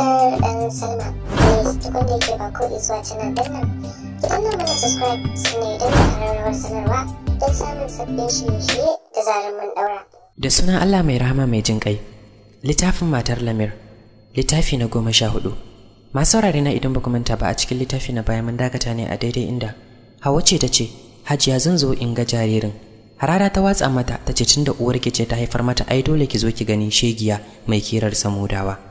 salma zuwa subscribe da ƙararrawar sanarwa don samun da sunan allah mai rahama mai jin ƙai littafin matar lamir littafi na goma sha hudu masu saurare na idan ba manta ba a cikin littafi na baya mun dakata ne a daidai inda hawa ce ta ce hajiya zan zo in ga jaririn harara ta watsa mata ta ce tunda ke ce ta haifar mata ai dole ki zo ki gani shegiya mai kirar samudawa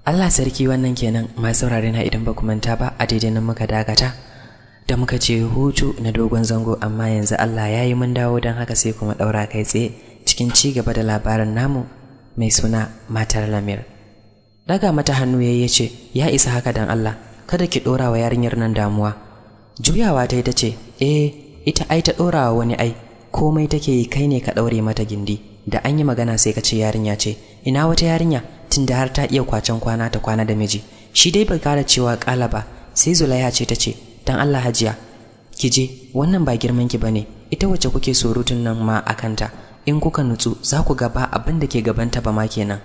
Allah sarki wannan kenan masu saurare na idan ba ku manta ba a daidai nan muka dagata da muka ce hutu na dogon zango amma yanzu Allah ya yi mun dawo don haka sai kuma ɗaura kai tsaye cikin ci gaba da labarin namu mai suna matar Lamir. Daga mata hannu ya ce ya isa haka don Allah kada ki ɗora wa yarinyar nan damuwa. Juyawa ta yi ta ce eh ita ai ta ɗora wa wani ai komai take yi kai ne ka ɗaure mata gindi da an yi magana sai ka ce yarinya ce ina wata yarinya tunda har ta iya kwacen kwana ta kwana da miji shi dai bai kara cewa kala ba sai zulaiha ce ta ce dan Allah hajiya ki je wannan ba girman ki bane ita wacce kuke surutun nan ma a kanta. in kuka nutsu za ku ga ba abin da ke gabanta ba ma kenan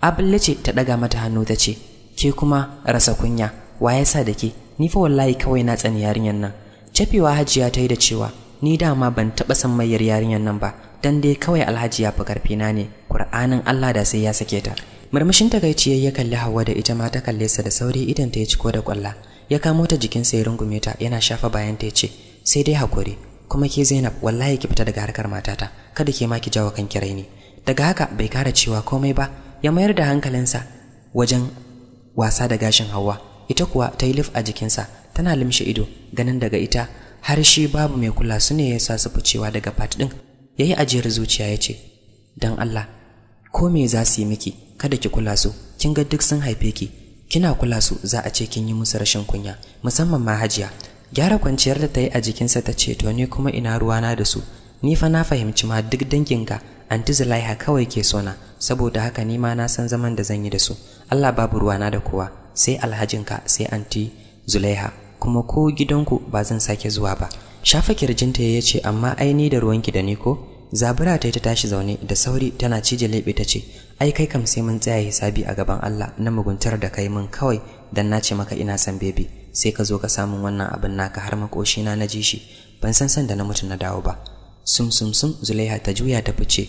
abulla ce ta daga mata hannu ta ce ke kuma rasa kunya wa sa da ke ni fa wallahi kawai na tsani yarinyar nan cafewa hajiya ta yi da cewa ni dama ban taɓa san mayar yarinyar nan ba dan dai kawai alhaji ya fi karfina ne kur'anin allah da sai ya sake ta murmushin takaiciyar ya kalli Hawwa da ita ma ta kalle sa da sauri idan ta ya ciko da kwalla ya kamo ta jikin sa ya rungume ta yana shafa bayan ta ya ce sai dai hakuri kuma ke Zainab wallahi ki fita daga harkar matata kada ke ma ki jawo kanki raini daga haka bai kara cewa komai ba ya mayar da hankalinsa wajen wasa da gashin Hauwa ita kuwa ta yi lif a jikinsa tana limshe ido ganin daga ita har shi babu mai kula su ne ya sa su ficewa daga fat din yayi ajiyar zuciya yace dan Allah ko me za su yi miki kada ki kula su kin ga duk sun haife ki kina kula su za a ce kin yi musu rashin kunya musamman ma hajiya gyara kwanciyar da ta yi a jikinsa ta ce to ni kuma ina ruwana da su ni fa na fahimci ma duk danginka anti zulaiha kawai ke sona saboda haka ni ma na san zaman da zan yi da su Allah babu ruwana da kowa sai alhajinka sai anti zulaiha kuma ko gidanku ba zan sake zuwa ba shafa kirjinta ya ce amma ai ni da ruwanki da ni ko zabura ta yi ta tashi zaune da sauri tana cije lebe ta ce ai kai kam sai mun tsaya hisabi a gaban Allah na muguntar da kai mun kawai dan na ce maka ina son baby sai ka zo ka samu wannan abin naka har makoshi na ji shi ban san san da na mutu na dawo ba sum sum sum Zulaiha ta juya ta fice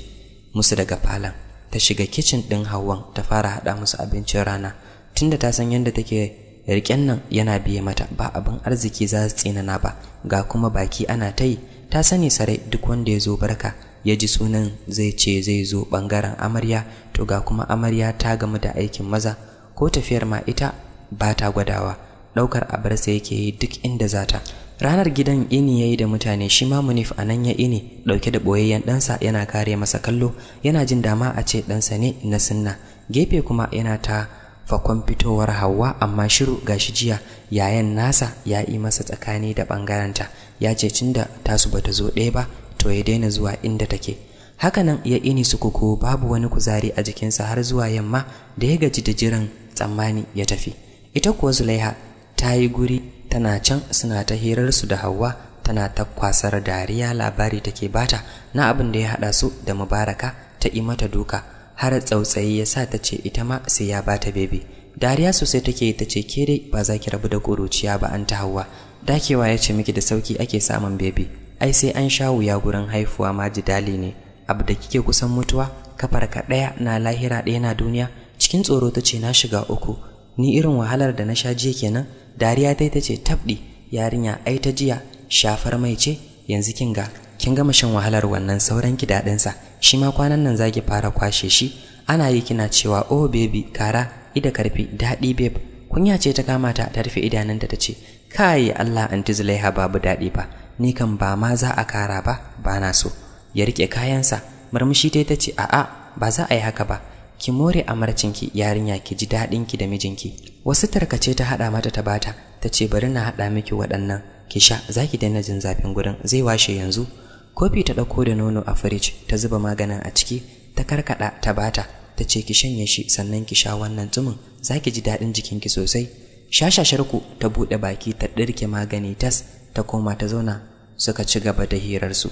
musu daga falon ta shiga kitchen din Hawwan ta fara hada musu abincin rana tunda ta san yadda take riken nan yana biye mata ba abin arziki za su tsinana ba ga kuma baki ana ta yi ta sani sarai duk wanda ya zo barka ya ji sunan zai ce zai zo ɓangaren amarya to ga kuma amarya ta gamu da aikin maza ko tafiyar ma ita ba ta gwadawa ɗaukar abarsa yake yi duk inda za ta ranar gidan ini ya yi da mutane shi ma munif a nan ya ini ɗauke da ɓoyayyen ɗansa yana kare masa kallo yana jin dama a ce ɗansa ne na sunna gefe kuma yana ta fakon fitowar hawa amma shiru ga shi jiya yayan nasa ya yi masa tsakani da ɓangarenta ya ce tunda tasu bata zo ɗaya ba to ya daina zuwa inda take hakanan ya ini sukuku babu wani kuzari a jikinsa har zuwa yamma da ya gaji da jiran tsammani ya tafi ita kuwa zulaiha ta yi guri tana can suna ta hirarsu da hawa tana ta kwasar dariya labari take bata na abin da ya haɗa su da mubaraka ta yi mata duka har tsautsayi ya sa ta ce ita ma sai ya bata bebe. dariya sosai take ta ce ke dai ba za ki rabu da ƙuruciya ba an ta hawa dakewa ya ce miki da sauki ake samun bebe. ai sai an sha wuya gurin haifuwa ma jidali ne abu da kike kusan mutuwa kafar ka ɗaya na lahira ɗaya na duniya cikin tsoro ta ce na shiga uku ni irin wahalar da na sha jiya kenan dariya dai ta ce tabɗi yarinya ai ta jiya shafar mai ce yanzu kin ga kin gama shan wahalar wannan sauran ki daɗinsa shi ma kwanan nan zaki fara kwashe shi ana yi kina cewa oh baby kara ida karfi daɗi babe kunya ce ta kamata? ta rufe idanunta ta ce kai Allah anti Zulaiha babu daɗi ba. ni kan ba ma za a kara ba ba na so ya rike kayansa murmushi ta ce a'a ba za a yi haka ba ki more amarcinki yarinya ki ji daɗinki da mijinki wasu tarkace ta haɗa mata ta bata ta ce bari na haɗa miki waɗannan ki sha za ki daina jin zafin gurin zai washe yanzu kofi ta ɗauko da nono a firij ta zuba maganin a ciki ta karkaɗa ta bata ta ce ki shanye shi sannan ki sha wannan tsumin za ki ji daɗin jikinki sosai shashashar ku ta buɗe baki ta ɗirke magani tas ta koma ta zauna suka ci gaba da hirarsu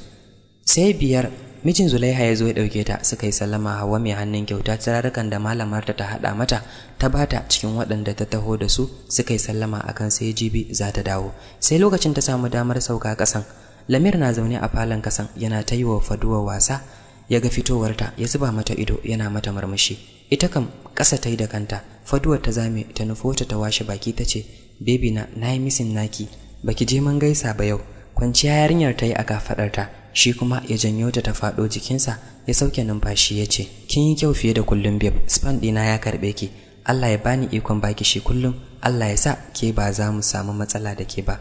sai biyar mijin zulaiha ya zo ya ɗauke ta suka yi sallama hawa mai hannun kyauta turarukan da malamarta ta haɗa mata ta bata cikin waɗanda ta taho da su suka yi sallama akan sai jibi za ta dawo sai lokacin ta samu damar sauka kasan. lamir na zaune a falon kasan yana ta yi wa faduwa wasa ya ga fitowarta ya zuba mata ido yana mata murmushi ita kam ƙasa ta yi da kanta faduwar ta zame ta nufo ta ta washe baki ta ce bebi na na yi misin naki baki je man gaisa ba yau kwanciya yarinyar ta yi a kafaɗarta shi kuma ya janyo ta ta faɗo jikinsa ya sauke numfashi ya ce kin yi kyau fiye da kullum babe span ɗina ya karɓe ki Allah ya bani ikon baki shi kullum Allah ya sa ke ba za mu samu matsala da ke ba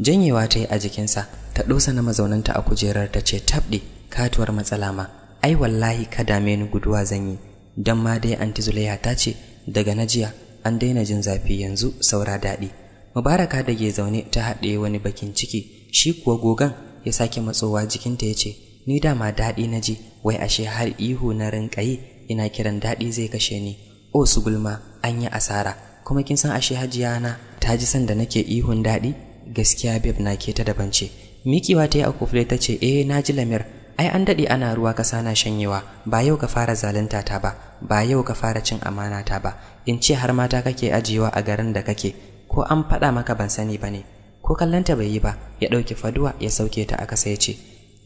janyewa ta yi a jikinsa ta ɗosa na mazaunanta a kujerar ta ce tabɗi katuwar matsala ma ai wallahi ka dame ni guduwa zan yi don ma dai anti zulaiha ta ce daga na jiya an daina jin zafi yanzu saura daɗi mubaraka da ke zaune ta haɗe wani bakin ciki shi kuwa gogan ya sake matsowa jikinta ya ce ni dama daɗi na ji wai ashe har ihu na rinƙayi ina kiran daɗi zai kashe ni o su gulma an yi asara kuma kin san ashe hajiya na ta ji sanda nake ihun daɗi gaskiya Beb na ke ta daban ce mikiwa ta yi a kufle ta ce eh na ji lamir ai an daɗe ana ruwa ƙasa, na shanyewa ba yau ka fara zalunta ta ba ba yau ka fara cin amana ta ba in ce har mata kake ajiyewa a garin da kake ko an faɗa maka ban sani ba ne ko kallonta bai yi ba ya ɗauki faduwa ya sauke ta aka sai ya ce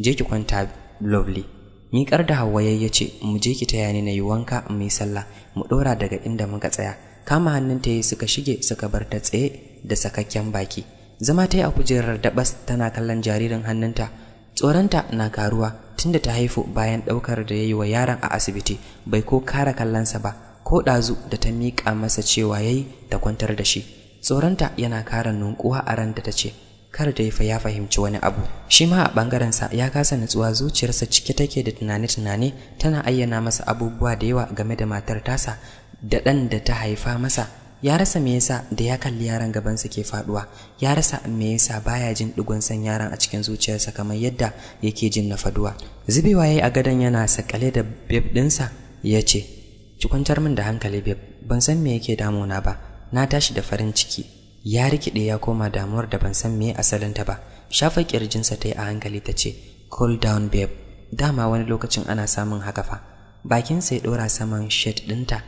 je ki kwanta lovely miƙar da hawa ya ce mu je ki taya ni na yi wanka mu yi sallah mu ɗora daga inda muka tsaya kama hannunta yi suka shige suka bar ta tsaye da sakakken baki zama ta yi a kujerar dabas tana kallon jaririn hannunta tsoronta na karuwa tunda ta haifu bayan ɗaukar da ya yi wa yaron a asibiti bai ko kara kallonsa ba ko ɗazu da ta miƙa masa cewa ya yi ta kwantar da shi tsoronta yana kara nunkuwa a ranta ta ce kar da ya fahimci wani abu shi ma a sa ya kasa nutsuwa zuciyarsa cike take da tunani-tunani tana ayyana masa abubuwa da yawa game da matar tasa da ɗan da ta haifa masa ya rasa me yasa da ya kalli yaran gaban sa ke faduwa ya rasa me yasa baya jin digon san yaran a cikin zuciyarsa kamar yadda yake jin na faduwa zubewa yayi a gadan yana sakale da beb dinsa ya ce ki kwantar min da hankali beb ban san me yake damuna ba na tashi da farin ciki ya rikide ya koma damuwar da ban san meye asalinta ba shafa kirjinsa ta yi a hankali tace ce cool down babe dama wani lokacin ana samun haka fa bakinsa ya ɗora saman shirt ɗinta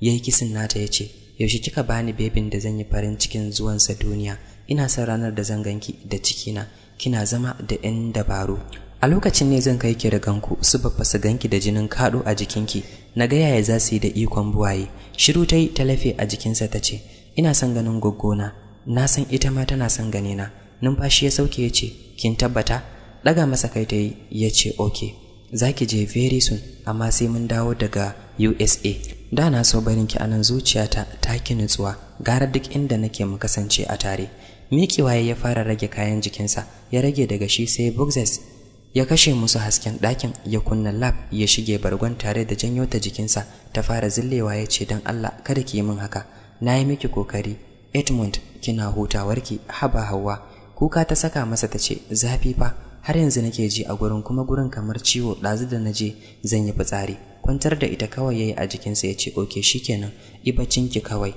ya yi kisin nata ya ce yaushe kika bani babin da zan yi farin cikin zuwansa duniya ina son ranar da zan ganki da cikina kina zama da 'yan dabaru a lokacin ne zan kai ki ganku su babba su ganki da jinin kado a jikinki na ga yaya za su yi da ikon buwaye shiru ta yi ta lafe a jikinsa ta ce ina son ganin goggona na san ita ma tana son na. numfashi ya sauke ya ce kin tabbata ɗaga masa kai ta yi ya ce ok za ki je very soon amma sai mun dawo daga usa da na so barin ki anan zuciyata ta ki nutsuwa gara duk inda nake mu kasance a tare waye ya fara rage kayan jikinsa ya rage daga shi sai boxes ya kashe musu hasken ɗakin ya kunna lab ya shige bargon tare da janyo ta jikinsa ta fara zillewa ya ce don Allah kada ki yi min haka na yi miki kokari Edmund kina hutawarki haba hawa kuka ta saka masa ta ce zafi fa har yanzu nake ji a gurin kuma gurin kamar ciwo ɗazu da na je zan yi fitsari kwantar da ita kawai yayi a jikinsa ya ce oke shikenan ibacinki kawai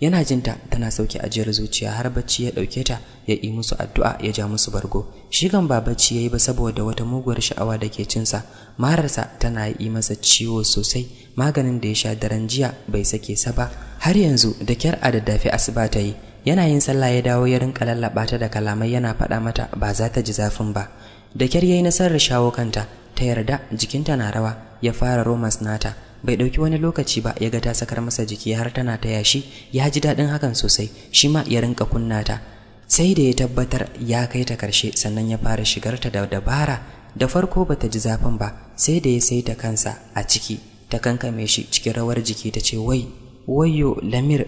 yana jinta tana sauke ajiyar zuciya har bacci ya ɗauke ta ya yi musu addu'a ya ja musu bargo shi kan ba bacci ya ba saboda wata muguwar sha'awa da ke cinsa mararsa tana yi masa ciwo sosai maganin da ya sha daren jiya bai sake sa ba har yanzu da kyar a daddafe asuba ta yi yana yin sallah ya dawo ya rinka lallaɓa ta da kalamai yana faɗa mata ba za ta ji zafin ba da kyar ya yi nasarar shawo kanta ta yarda jikinta na rawa ya fara romas nata bai ɗauki wani lokaci ba ya ga ta sakar masa jiki har tana ta yashi ya ji daɗin hakan sosai shi ma ya rinka kunna ta sai da ya tabbatar ya kai ta karshe sannan ya fara shigarta da dabara da farko bata ji zafin ba sai da ya sai ta kansa a ciki ta kankame shi cikin rawar jiki ta ce wai wayo lamir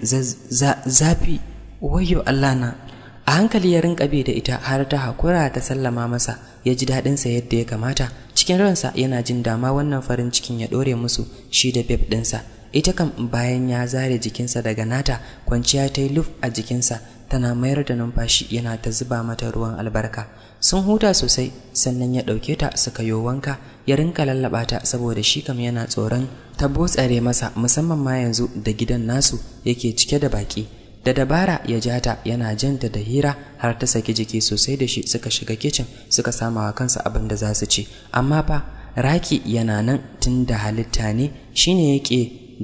zafi wayo Allah a hankali ya rinka bi da ita har ta hakura ta sallama masa ya ji daɗin sa yadda ya kamata cikin ransa yana jin dama wannan farin cikin ya ɗore musu shi da bep ɗinsa ita kam bayan ya zare jikinsa daga nata kwanciya ta yi luf a jikinsa tana mayar da numfashi yana ta zuba mata ruwan albarka sun huta sosai sannan ya ɗauke ta suka yo wanka ya rinka lallaɓa ta saboda shi kam yana tsoron ta botsare masa musamman ma yanzu da gidan nasu yake cike da baƙi da dabara ya jata yana janta da hira har ta saki jiki sosai da shi suka shiga kicin suka sama wa kansa abin da za su ci amma fa raki yana nan tun da halitta ne shine yake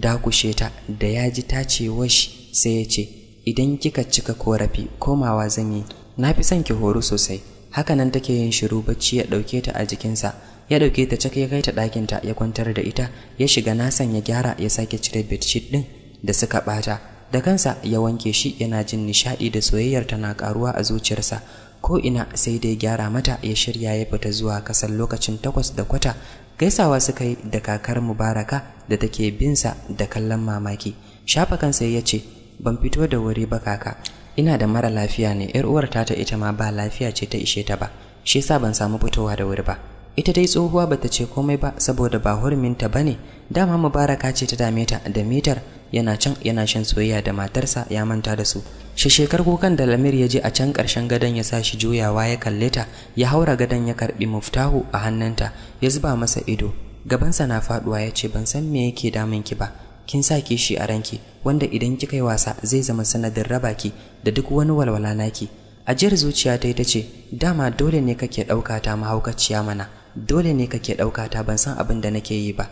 dakushe ta da ya ji ta ce shi sai ya ce idan kika cika korafi komawa zan yi na fi son ki horo sosai Haka hakanan take yin shiru bacci ya ɗauke ta a jikinsa ya ɗauke ta cak ya kai ta ɗakinta ya kwantar da ita ya shiga nasan ya gyara ya sake cire bedsheet ɗin da suka ɓata da kansa ya wanke shi yana jin nishaɗi da soyayyar tana karuwa a zuciyarsa ko ina sai dai gyara mata ya shirya ya fita zuwa kasar lokacin takwas da kwata gaisawa suka yi da kakar mubaraka da take binsa da kallon mamaki shafa kansa ya ce ban fito da wuri ba kaka ina da mara lafiya ne 'yar uwar tata ita ma ba lafiya ce ta ishe ta ba shi yasa ban samu fitowa da wuri ba ita dai tsohuwa bata ce komai ba saboda ba hurminta ne? dama mubaraka ce ta dame ta da mitar yana can yana shan soyayya da matarsa ya manta da su shi shekar kukan da lamir ya je a can karshen gadon ya sa shi juyawa ya kalle ta ya haura gadon ya karbi muftahu a hannunta ya zuba masa ido gabansa na faduwa ya ce ban san me yake damun ki ba kin sa ki shi a ranki wanda idan kika yi wasa zai zama sanadin raba ki da duk wani walwala naki ajiyar zuciya ta ita ce dama dole ne kake ɗauka ta mahaukaciya mana dole ne kake ɗauka ta ban san abin da nake yi ba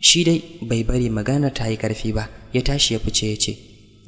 shi dai bai bari maganar ta yi karfi ba ya tashi ya fice ya ce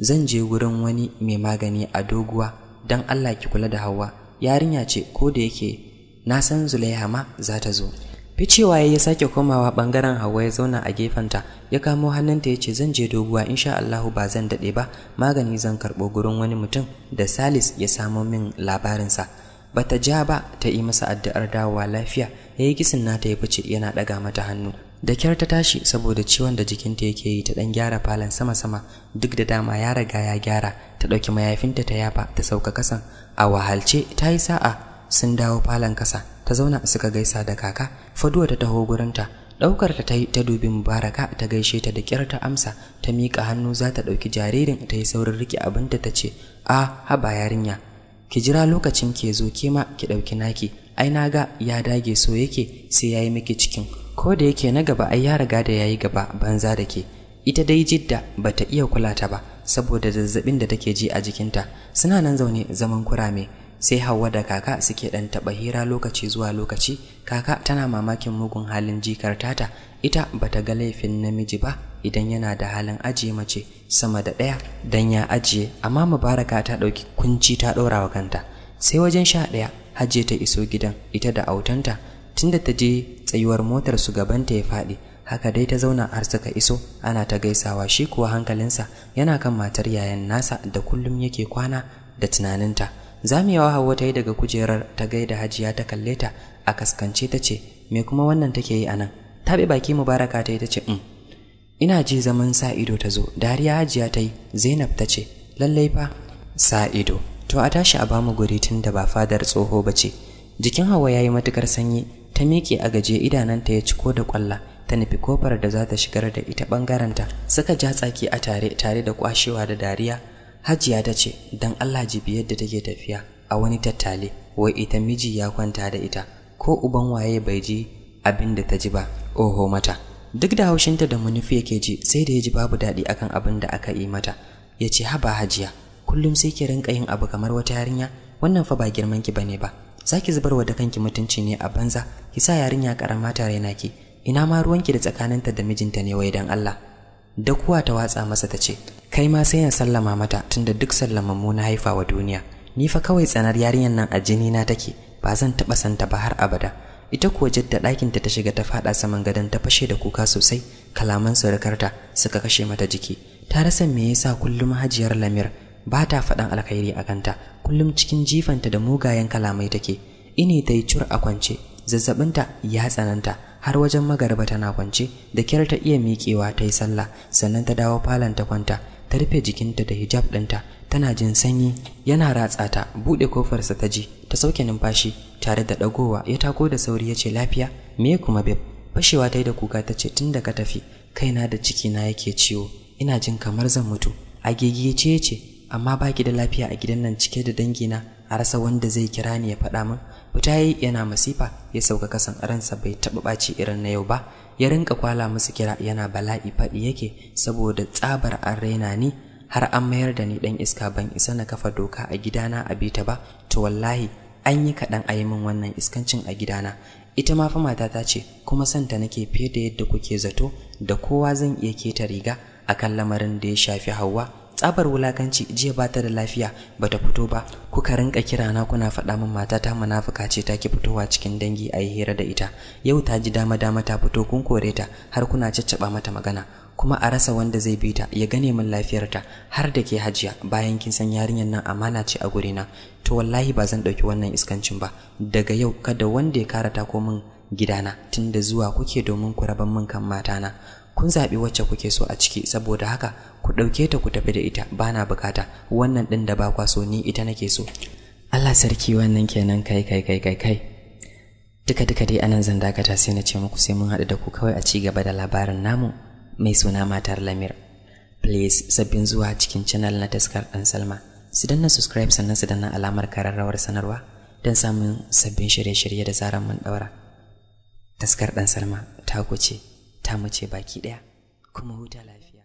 zan je wurin wani mai magani a doguwa don allah ki kula da hawa yarinya ce ko da yake na san zulaiha ma za ta zo ficewa ya yi sake komawa bangaren hawa ya zauna a gefenta ya kamo hannunta ya ce zan je doguwa insha allahu ba zan dade ba magani zan karɓo gurin wani mutum da salis ya samo min labarinsa ba ta ja ba ta yi masa addu'ar dawowa lafiya ya yi kisin nata ya fice yana ɗaga mata hannu da kyar ta tashi saboda ciwon da jikinta yake yi ta ɗan gyara falon sama-sama duk da dama ya riga ya gyara ta ɗauki mayafinta ta yafa ta sauka kasan a wahalce ta yi sa'a sun dawo falon kasa ta zauna suka gaisa da kaka faduwa ta taho gurinta ɗaukar ta yi ta dubi mubaraka ta gaishe ta da kyar ta amsa ta miƙa hannu za ta ɗauki jaririn ta yi saurin riƙe abinta ta ce a ah, haba yarinya ki jira lokacin ke zo ke ma ki ɗauki naki ai na ga ya dage so yake sai ya yi miki cikin ko da yake na gaba ai ya riga da ya yi gaba banza da ke ita dai jidda ba ta iya kula ta ba saboda zazzabin da take ji a jikinta suna nan zaune zaman kurame sai Hauwa da kaka suke ɗan taɓa hira lokaci zuwa lokaci kaka tana mamakin mugun halin jikar tata ita bata ga laifin namiji ba idan yana da halin ajiye mace sama da ɗaya dan ya ajiye amma mubaraka ta ɗauki kunci ta ɗora wa kanta sai wajen sha ɗaya hajje ta iso gidan ita da autanta tunda ta je tsayuwar motar su gabanta ya faɗi haka dai ta zauna har suka iso ana ta gaisawa shi kuwa hankalinsa yana kan matar yayan nasa da kullum yake kwana da tunaninta zamiyawa hawa ta yi daga kujerar ta gaida hajiya ta kalle ta a kaskance ta ce me kuma wannan take yi anan bi baki mubaraka ta yi ta ce um ina ji zaman sa ido ta zo dariya hajiya ta yi zainab ta ce lallai fa sa ido to a tashi a bamu guri tun da ba fadar tsoho ba ce jikin hawa ya yi matukar sanyi ta miƙe a gaje idananta ya ci ko da ƙwalla ta nufi kofar da za ta shigar da ita ɓangarenta suka ja tsaki a tare tare da kwashewa da dariya hajiya ta ce don allah ji jibi yadda take tafiya a wani tattale wai ita miji ya kwanta da ita ko uban waye bai ji abin da ta ji ba oho mata duk da haushinta da munufi yake ji sai da ya ji babu daɗi akan abin da aka yi mata ya ce haba hajiya kullum sai ki rinka yin abu kamar wata yarinya wannan fa ba girman ki bane ba zubar wa da kanki mutunci ne a banza ki sa yarinya karama ta raina ki ina ma ruwanki da tsakaninta da mijinta ne wai dan Allah da ta watsa masa ta ce kai ma sai in sallama mata tunda duk sallamammu na haifa wa duniya ni fa kawai tsanar yarinyar nan a jini na take ba zan taɓa santa ba har abada ita kuwa jidda ɗakinta ta shiga ta faɗa saman gadon ta fashe da kuka sosai kalaman surukarta suka kashe mata jiki ta rasa me yasa kullum hajiyar lamir ba ta faɗan alkhairi a kanta kullum cikin jifanta da mugayen kalamai take ini ta yi cur a kwance zazzabinta ya tsananta har wajen magarba tana kwance da kyar ta iya miƙewa ta yi sallah sannan ta dawo falon ta kwanta ta rufe jikinta da hijab ɗinta tana jin sanyi yana ratsa ta buɗe kofarsa ta ji ta sauke numfashi tare da ɗagowa ya tako da sauri ya ce lafiya me kuma beb fashewa ta yi da kuka ta ce tun daga tafi kaina da ciki cikina yake ciwo ina jin kamar zan mutu a ya ce amma baki da lafiya a gidan nan cike da dangi na a rasa wanda zai kira ni ya faɗa min fita yana masifa ya sauka kasan ransa bai taɓa ɓaci irin na yau ba ya rinka kwala musu kira yana bala'i faɗi yake saboda tsabar an raina ni har an mayar da ni ɗan iska ban isa na kafa doka a gidana a bita ba to wallahi an yi kaɗan a yi min wannan iskancin a gidana ita ma fa ta ce kuma santa nake fiye da yadda kuke zato da kowa zan iya keta riga akan lamarin da ya shafi Hauwa tsabar wulakanci jiya ba ta da lafiya ba ta fito ba kuka rinka kira na kuna faɗa min matata munafuka ce ta ki fitowa cikin dangi a yi hira da ita yau ta ji dama dama ta fito kun kore ta har kuna caccaba mata magana kuma a rasa wanda zai bi ta ya gane min lafiyarta har da ke hajiya bayan kin san yarinyar nan amana ce a gurina to wallahi ba zan ɗauki wannan iskancin ba daga yau kada wanda ya kara ta min gidana tunda zuwa kuke domin ku raban min kan matana kun zaɓi wacce kuke so a ciki saboda haka ku ɗauke ta ku tafi da ita bana bukata wannan ɗin da ba kwa so ni ita nake so Allah sarki wannan kenan kai kai kai kai kai duka duka dai anan zan dakata sai na ce muku sai mun haɗu da ku kawai a ci gaba da labarin namu mai suna matar lamir please sabbin zuwa cikin channel na taskar dan salma su danna subscribe sannan su danna alamar kararrawar sanarwa don samun sabbin shirye-shirye da zaran mun ɗaura taskar dan salma ta kuce ta mace baki ɗaya kuma huta lafiya